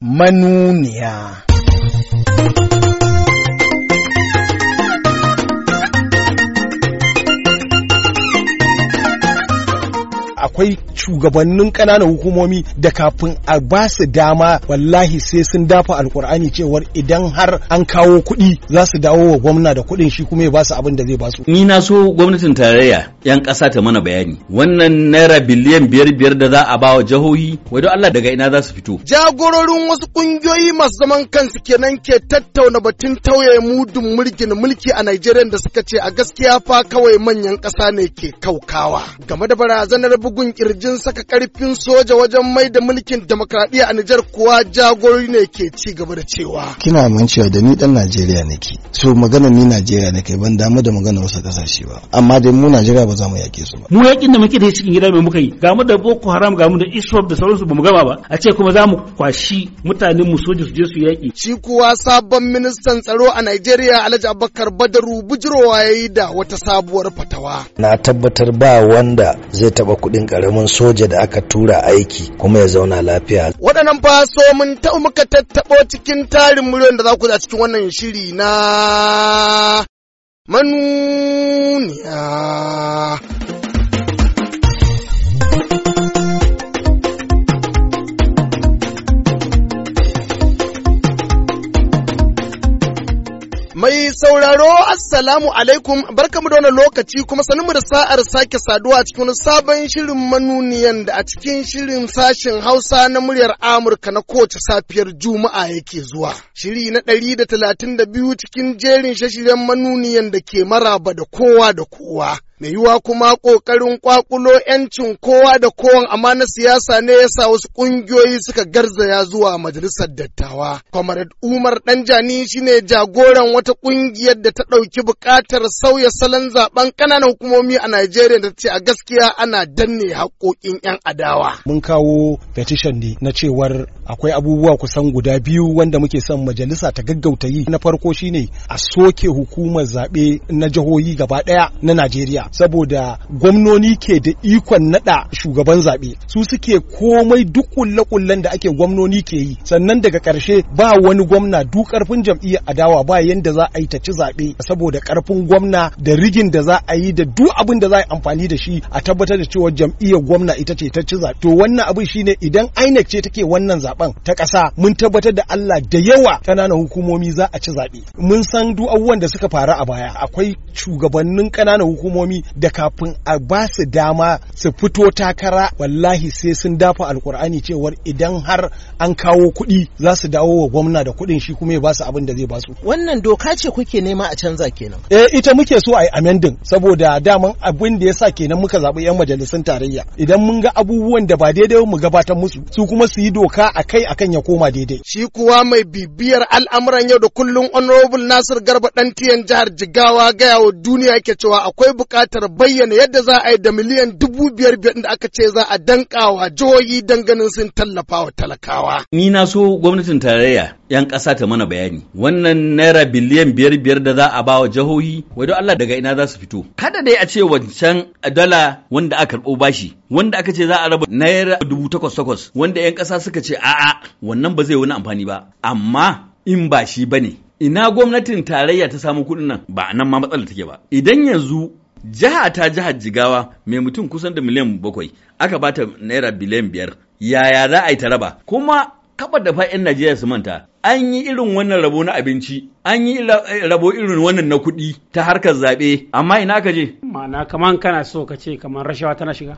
manuniya. akwai shugabannin ƙananan hukumomi da kafin a ba su dama wallahi sai sun dafa alkur'ani cewar idan har an kawo kuɗi za su dawo wa gwamna da kuɗin shi kuma ya ba su abin da zai ba su. Ni na so gwamnatin tarayya 'yan ƙasa ta mana bayani wannan naira biliyan biyar biyar da za a ba wa jihohi don Allah daga ina za su fito. Jagororin wasu ƙungiyoyi masu zaman kansu kenan ke tattauna batun tauye mudun mulkin mulki a Najeriya da suka ce a gaskiya fa kawai manyan ƙasa ne ke kaukawa. Game da barazanar bugu bugun kirjin saka karfin soja wajen mai da mulkin demokradiya a Nijar kuwa jagori ne ke ci gaba da cewa. Kina amincewa da ni dan Najeriya nake. So magana ni Najeriya nake ban damu da magana wasu kasashe ba. Amma dai mu Najeriya ba za mu yake su ba. Mu yakin da muke da cikin gida mai muka yi. Ga mu da Boko Haram ga mu da Isrof da sauransu ba mu gama ba. A ce kuma za mu kwashi mutanen mu soja su je su yaki. Shi kuwa sabon ministan tsaro a Najeriya Alhaji Abubakar Badaru bujirowa yayi da wata sabuwar fatawa. Na tabbatar ba wanda zai taba kuɗi ɗin ƙaramin soja da aka tura aiki kuma ya zauna lafiya. Waɗannan fa so mun taɓa muka tattaɓo cikin tarin miliyon da za ku za cikin wannan shiri na manuniya. Mai sauraro Assalamu alaikum barkamu da wani lokaci kuma sanin da sa'ar sake saduwa cikin sabon shirin manuniyan da a cikin shirin sashen Hausa na muryar Amurka na kowace safiyar Juma'a yake zuwa. Shiri na ɗari da talatin da biyu cikin jerin shashiren manuniyan da ke maraba da kowa da kowa. mai yiwuwa kuma ƙoƙarin ƙwaƙulo 'yancin kowa da kowan amma na siyasa ne ya sa wasu ƙungiyoyi suka garzaya zuwa majalisar dattawa. Comrade Umar Ɗanjani ne jagoran wata ƙungiyar da ta ɗauki buƙatar sauya salon zaɓen ƙananan hukumomi a Najeriya da ce a gaskiya ana danne haƙoƙin 'yan adawa. Mun kawo petition ne na cewar akwai abubuwa kusan guda biyu wanda muke son majalisa ta gaggauta yi. Na farko shine a soke hukumar zaɓe na jihohi gaba ɗaya na Najeriya. saboda gwamnoni ke da ikon nada shugaban zaɓe su suke komai duk kulle-kullen da ake gwamnoni ke yi sannan daga ƙarshe ba wani gwamna duk ƙarfin jam'iyyar adawa ba yanda za a yi ta ci zaɓe saboda ƙarfin gwamna da rigin da za a yi da duk abin da za a yi amfani da shi a tabbatar da cewa jam'iyyar gwamna ita ce ta ci zaɓe to wannan abin shine idan INEC ce take wannan zaben ta ƙasa mun tabbatar da Allah da yawa ƙananan hukumomi za a ci zaɓe mun san duk abubuwan da suka faru a baya akwai shugabannin ƙananan hukumomi da kafin a ba su dama su fito takara wallahi sai sun dafa alkur'ani cewar idan har an kawo kuɗi za su dawo wa gwamna da kuɗin shi kuma ya ba su abin da zai ba su wannan doka ce kuke nema a canza kenan eh ita muke so a yi amendin saboda daman abin da ya sa kenan muka zaɓi yan majalisun tarayya idan mun ga abubuwan da ba daidai mu gabatar musu su kuma su yi doka akai akan ya koma daidai shi kuwa mai bibiyar al'amuran yau da kullum honorable Nasir Garba dan tiyan jihar Jigawa gaya wa duniya yake cewa akwai buƙatar buƙatar bayyana yadda za a yi da miliyan dubu biyar biyar da aka ce za a dankawa jihohi don ganin sun tallafa wa talakawa. Ni na so gwamnatin tarayya 'yan ƙasa ta mana bayani. Wannan naira biliyan biyar biyar da za a ba wa jihohi, wai Allah daga ina za su fito. Kada dai a ce wancan dala wanda aka karɓo bashi, wanda aka ce za a raba naira dubu takwas takwas, wanda 'yan ƙasa suka ce a'a wannan ba zai wani amfani ba. Amma in ba shi ba Ina gwamnatin tarayya ta samu kuɗin nan ba nan ma matsala take ba. Idan yanzu jiha ta jihar jigawa mai mutum kusan da miliyan bakwai aka bata naira biliyan biyar yaya za a yi ta raba kuma kaba da fa'in najeriya su manta an yi irin wannan rabo na abinci an yi eh, rabo irin wannan na kuɗi ta harkar zaɓe amma ina ka je ma'ana kamar kana so ka ce kamar rashawa tana shiga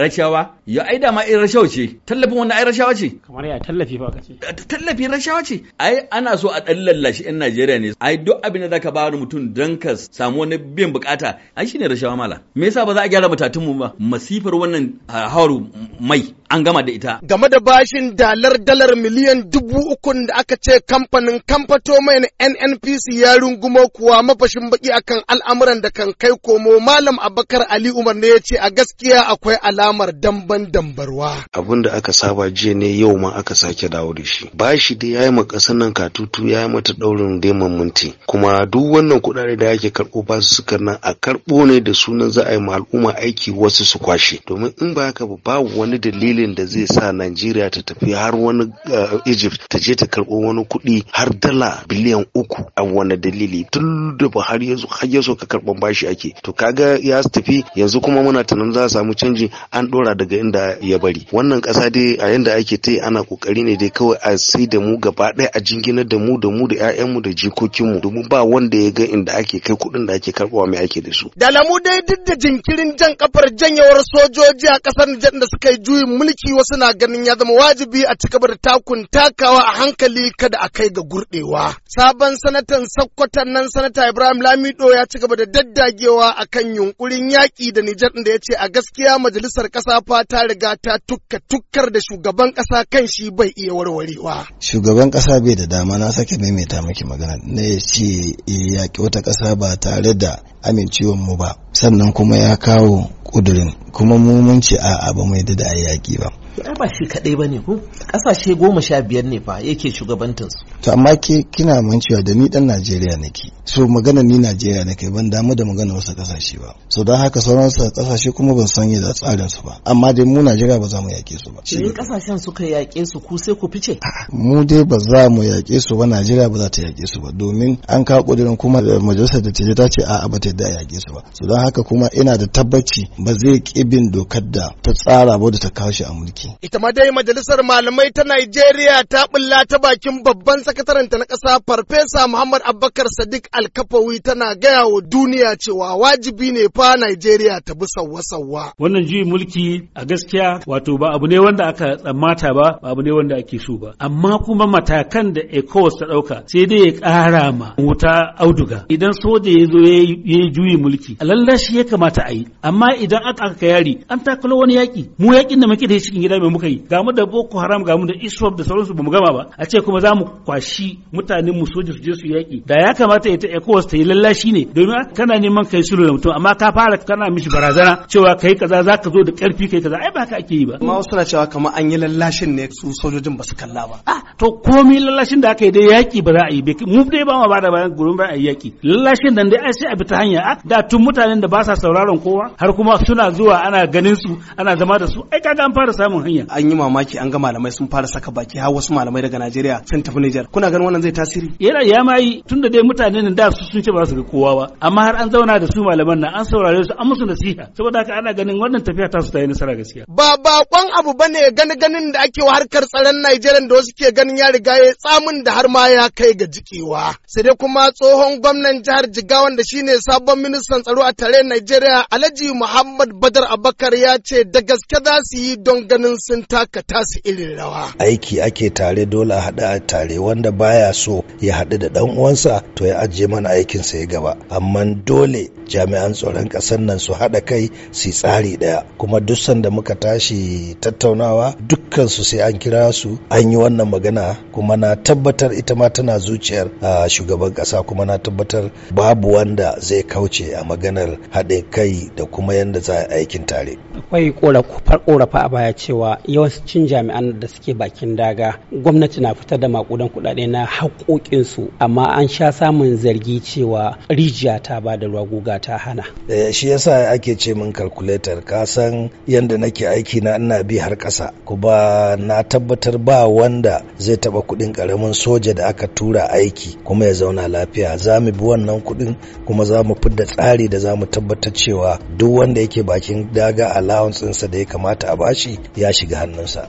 rashawa ya ai dama ai rashawa ce tallafin wannan ai rashawa ce kamar ya tallafi ba ka ce tallafi rashawa ce ai ana so a ɗan lallashi yan Najeriya ne ai duk abin da zaka ba mutum dan ka samu wani biyan bukata ai shine rashawa mala me yasa ba za a gyara mutatun mu ba masifar wannan hawar mai an gama da ita game da bashin dalar dalar miliyan dubu ukun da aka ce ce kamfanin kamfato mai na NNPC ya rungumo kuwa mafashin baki akan al'amuran da kan kai komo Malam Abakar Ali Umar ne ya ce a gaskiya akwai alamar damban dambarwa. Abin da aka saba jiya ne yau ma aka sake dawo da shi. Ba shi dai ya yi ma nan katutu ya yi mata ɗaurin deman minti. Kuma duk wannan kuɗaɗe da ake karɓo ba su suka nan a karɓo ne da sunan za a yi ma al'umma aiki wasu su kwashe. Domin in ba haka ba babu wani dalilin da zai sa Najeriya ta tafi har wani eh, Egypt ta je ta karɓo wani kuɗi har dala biliyan uku a wani dalili tun da Buhari har ya ka karɓan bashi ake to kaga ya tafi yanzu kuma muna tunanin za a samu canji an ɗora daga inda ya bari wannan ƙasa dai a yanda ake ta ana ƙoƙari ne dai kawai a sai da mu gaba ɗaya a jinginar da mu da mu da 'ya'yanmu da jikokinmu domin ba wanda ya ga inda ake kai kuɗin da ake karɓa mai ake da su. Da lamu dai duk da jinkirin jan kafar janyawar sojoji a ƙasar Nijar da suka yi juyin mulki wasu na ganin ya zama wajibi a cigaba da takun takawa a hankali kada a kai ga gurɗewa. Sabon sanatan sakkwatan nan sanata Ibrahim Lamido ya ci gaba da daddagewa a kan yunkurin yaƙi da Nijar da ya ce a gaskiya majalisar ƙasa fa ta riga ta tukka tukkar da shugaban ƙasa kan shi bai iya warwarewa. Shugaban ƙasa bai da dama na sake maimaita maki magana na ya ce yaƙi wata ƙasa ba tare da amincewar mu ba sannan kuma ya kawo ƙudurin kuma mu mun ce a'a ba mu yadda da yaƙi ba. ya ba shi kadai ne ko kasashe goma sha biyar ne fa yake shugabantar su to amma ke kina cewa da ni dan Najeriya nake so magana ni Najeriya nake ban damu da magana wasu kasashe ba so don haka sauran wasu kasashe kuma ban san yadda tsarin su ba amma dai mu Najeriya ba za mu yake su ba shi kasashen suka yake su ku sai ku fice mu dai ba za mu yake su ba Najeriya ba za ta yake su ba domin an ka kudirin kuma majalisar da ta ce a'a ba ta yadda a yake su ba so don haka kuma ina da tabbaci ba zai kibin dokar da ta tsara ba da ta kawo shi a mulki ita ma dai majalisar malamai ta Najeriya ta bulla ta bakin babban sakataranta na ƙasa Farfesa Muhammad Abubakar Sadiq Alkafawi tana gaya wa duniya cewa wajibi ne fa Najeriya ta bi sauwa-sauwa. Wannan juyin mulki a gaskiya wato ba abu ne wanda aka tsammata ba, ba abu ne wanda ake so ba. Amma kuma matakan da ECOWAS ta ɗauka sai dai ya ƙara ma wuta auduga. Idan soja ya zo ya yi juyin mulki, lallashi ya kamata a yi. Amma idan aka aka yari, an takalo wani yaƙi. Mu yaƙin da muke da cikin gida mai muka yi. Ga mu da Boko Haram, ga mu da Iswab da sauransu ba mu gama ba. A ce kuma za mu kwashi kwashi mutanen mu soja su je su yaki da ya kamata ita ECOWAS ta yi lallashi ne domin kana neman kai sulhu da mutum amma ka fara kana mishi barazana cewa kai kaza za ka zo da karfi kai kaza ai ba ka ake yi ba amma wasu na cewa kamar an yi lallashin ne su sojojin ba su kalla ba to komi lallashin da aka yi dai yaki ba za a yi mu dai ba ma ba da bayan gurin ba a yi yaƙi lallashin nan dai ai sai a bi ta hanya a da tun mutanen da ba sa sauraron kowa har kuma suna zuwa ana ganin su ana zama da su ai kaga an fara samun hanya an yi mamaki an ga malamai sun fara saka baki har wasu malamai daga Najeriya sun tafi Niger kuna ganin wannan zai tasiri yana ya mai tunda dai mutanen da su sun ce ba su ga kowa ba amma har an zauna da su malaman nan an saurare su an musu nasiha saboda haka ana ganin wannan tafiya ta su ta yi nasara gaskiya ba ba bakon abu bane gani ganin da ake harkar tsaron Najeriya da wasu ke ganin ganin ya riga ya tsamun da har ma ya kai ga jikewa. Sai dai kuma tsohon gwamnan jihar jigawa wanda shine sabon ministan tsaro a tare Najeriya Alhaji Muhammad Badar Abakar ya ce da gaske za su yi don ganin sun taka tasu irin rawa. Aiki ake tare dole a haɗa a tare wanda baya so ya haɗu da ɗan uwansa to ya ajiye mana aikin sa ya gaba. Amma dole jami'an tsaron ƙasar nan su haɗa kai su tsari ɗaya kuma duk sanda muka tashi tattaunawa dukkan su sai an kira su an yi wannan magana magana kuma na tabbatar ita ma tana zuciyar a shugaban ƙasa kuma na tabbatar babu wanda zai kauce a maganar haɗin kai da kuma yadda za a aikin tare. Akwai korafa a baya cewa yawancin jami'an da suke bakin daga gwamnati na fitar da makudan kuɗaɗe na haƙoƙinsu amma an sha samun zargi cewa rijiya ta ba da ruwa guga ta hana. E, shi yasa ake ce min kalkuletar ka san yadda nake aiki na ina bi har ƙasa kuma na tabbatar ba wanda zai zai taba kudin karamin soja da aka tura aiki kuma ya zauna lafiya za mu bi wannan kudin kuma za mu fidda tsari da za mu tabbatar cewa duk wanda yake bakin daga allowance ɗinsa da ya kamata a bashi ya shiga hannunsa.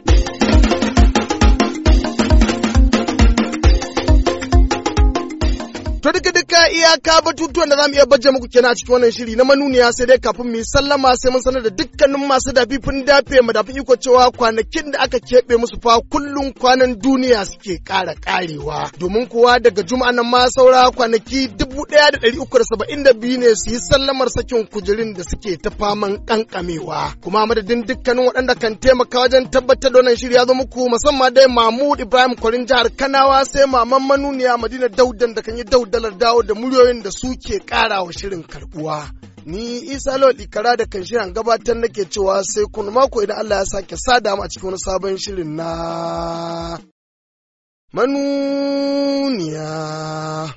To iya iyaka batutuwan da za mu iya bajje muku kenan a cikin wannan shiri na manuniya sai dai kafin mu sallama sai mun sanar da dukkanin masu dafifin dafe mu dafi iko cewa kwanakin da aka keɓe musu fa kullun kwanan duniya suke ƙara ƙarewa domin kuwa daga juma'a nan ma saura kwanaki dubu ɗaya da ɗari uku da saba'in da biyu ne su yi sallamar sakin kujerun da suke ta faman ƙanƙamewa kuma madadin dukkanin waɗanda kan taimaka wajen tabbatar da wannan shiri ya zo muku musamman dai Mahmud Ibrahim Kwarin jihar Kanawa sai maman manuniya Madina Daudan da kan yi daudalar dawo da muryoyin da suke ƙara wa shirin karbuwa. Ni Isa Lawal Ikara da kan shirin gabatar nake cewa sai kun mako idan Allah ya sake sada mu a cikin wani sabon shirin na manuniya.